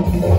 Thank you.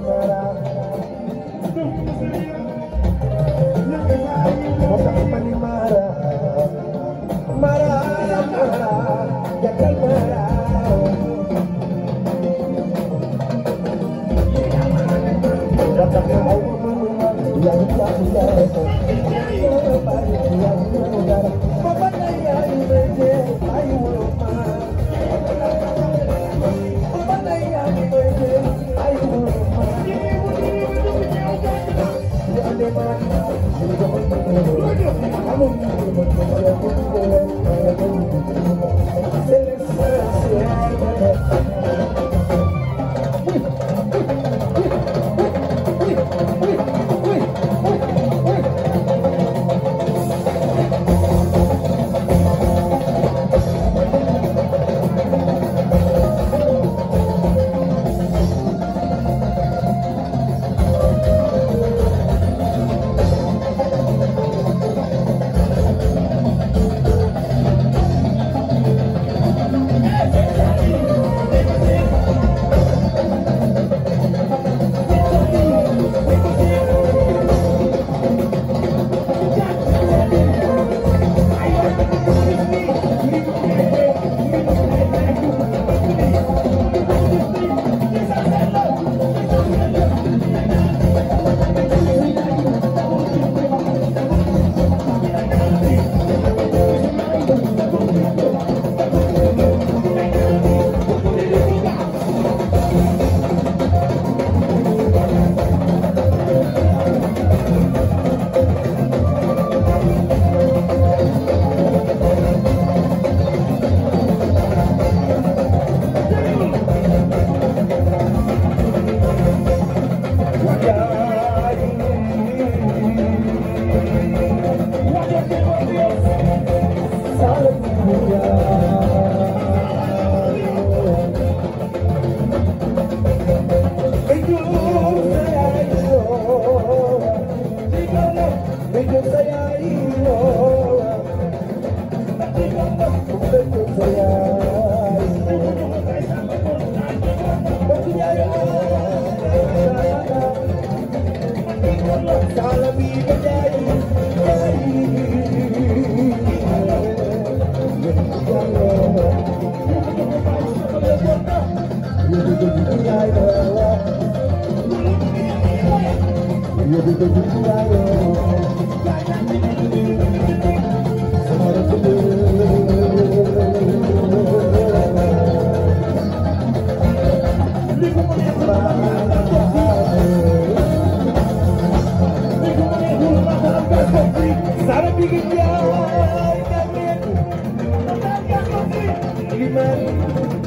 Thank you.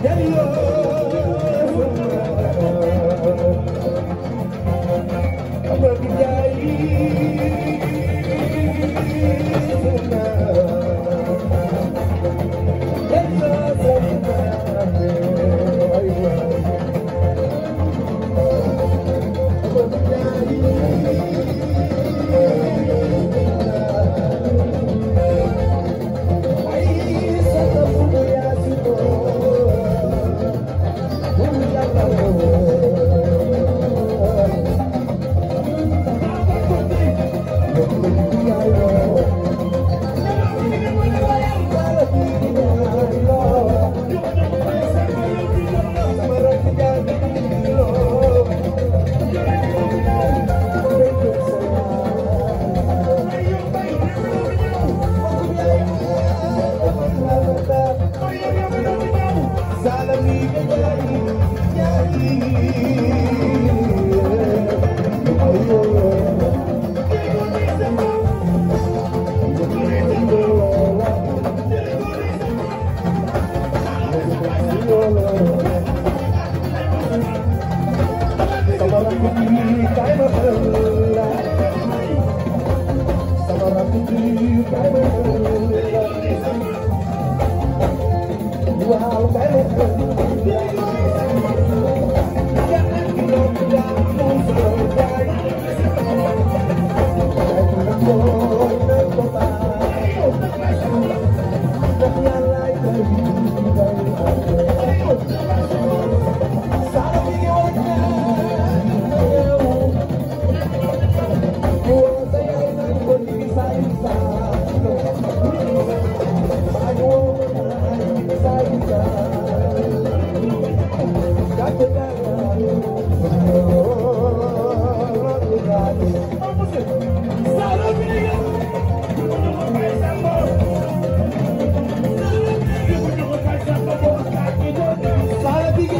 Daddy, oh. Thank you. Thank you.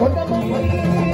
What am I?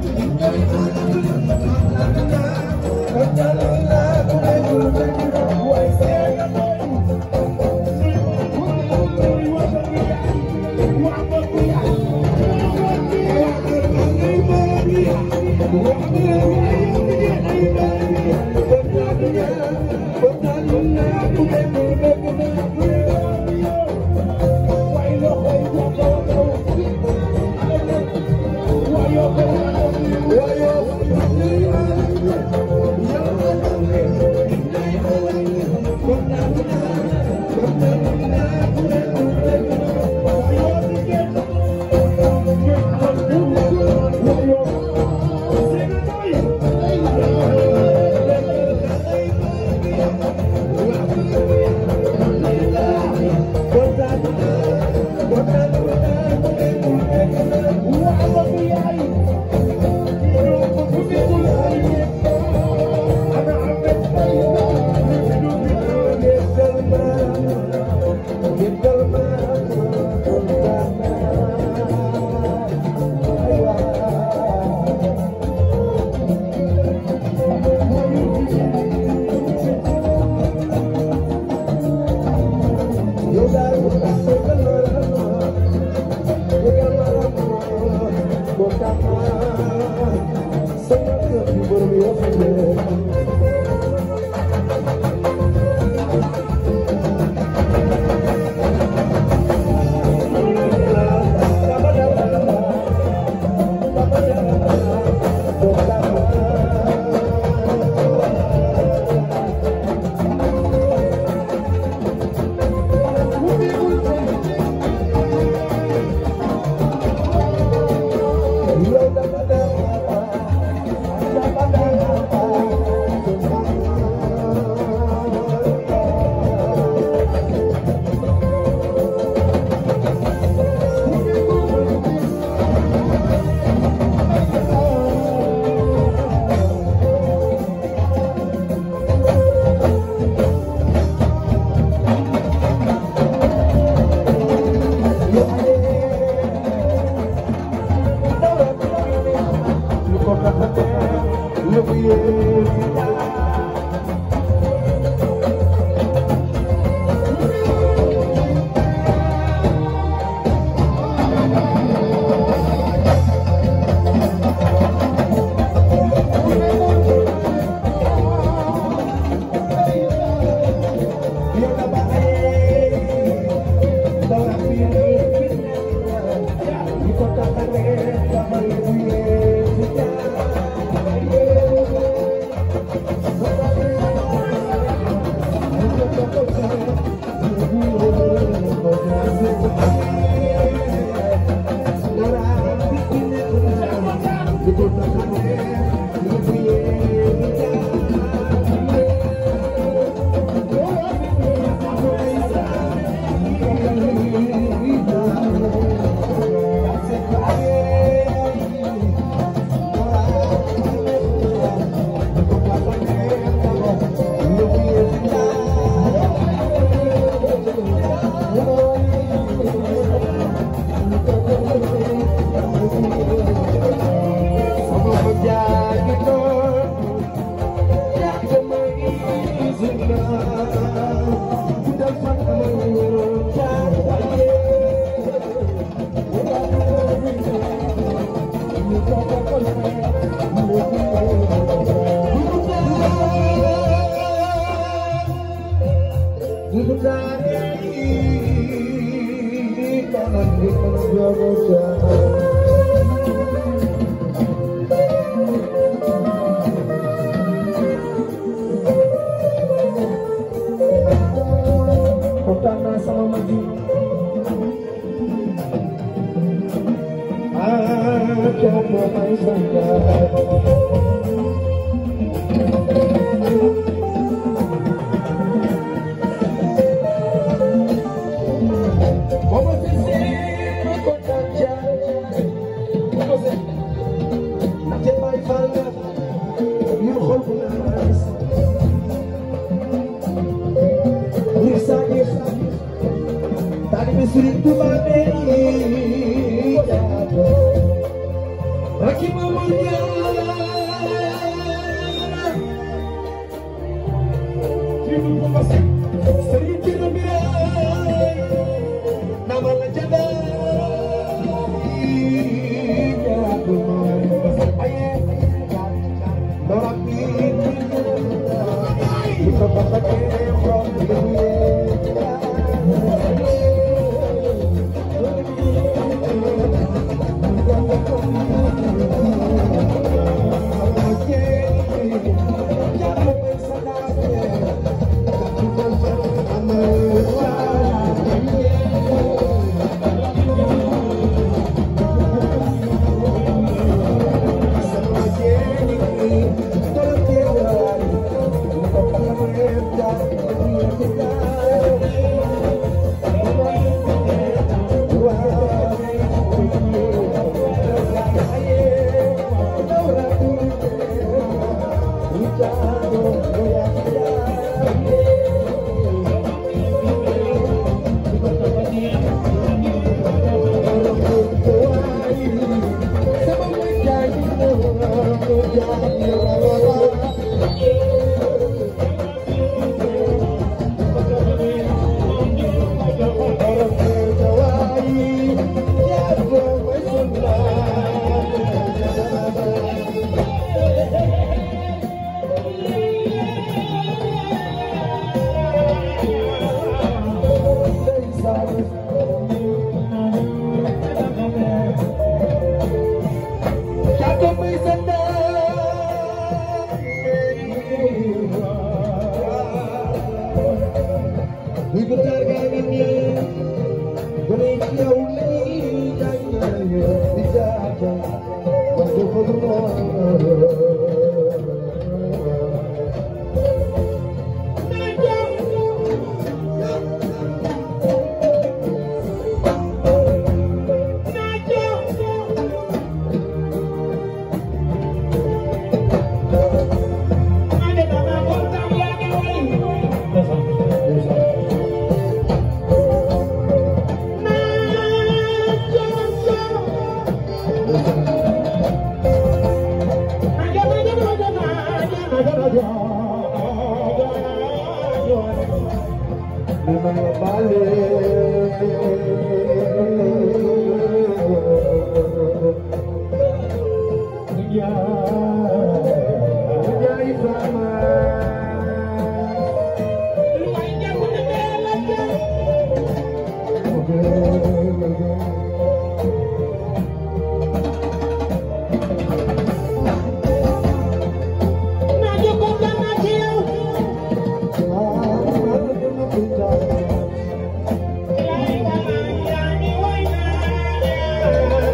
Thank you.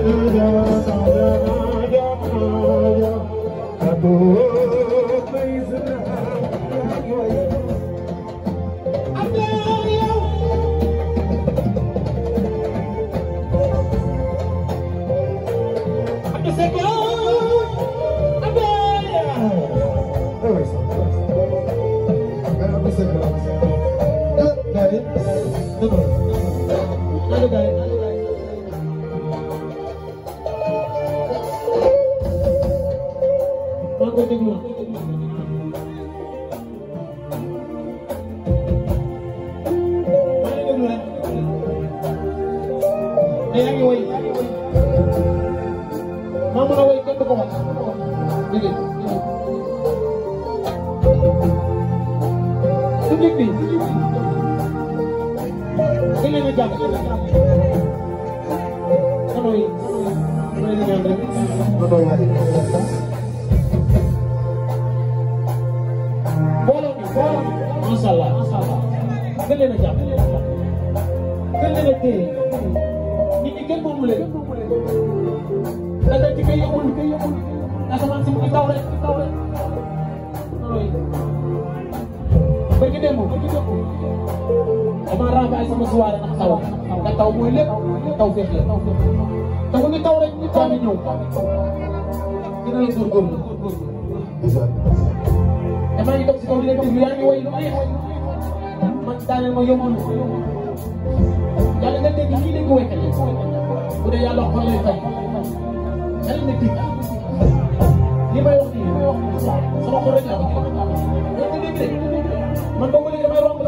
Thank you. su nit bi da leen a jàpp xanoo yi mooy li ñaan rek xanoo yi booloo bi booloo bi macha allah macha allah da leen a jàpp da leen a téye nit ñi kenn moomu leen da ngay ci kay yëngul kay yëngul asamaan si mu ngi taw rek taw recevoir ak taw nga taw mooy lépp taw féex la te bu ñu taw rek ñu taw ñëw dina la góorgóorlu. damaa ñu toog si kaw di leen déglu yaa ngi woy lu neex man daaneel ma yombul yàlla nga dégg ñii dégg woykat yi bu dee yàlla xol lay fay yàlla nga dégg li may wax nii sama xol rek laa ko dégg man boobu léegi damay romb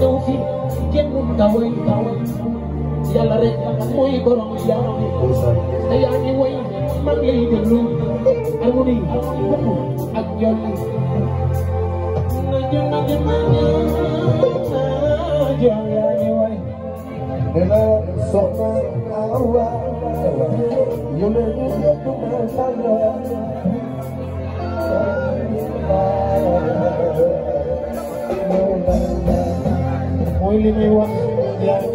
ñëw fi kenn nga woy yàlla rek mooy borom yàlla te yaa ngi woy mag lay déglu harmonie bokk ak yoon Hello, so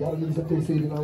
yàlla ñu ngi sant tey Seydina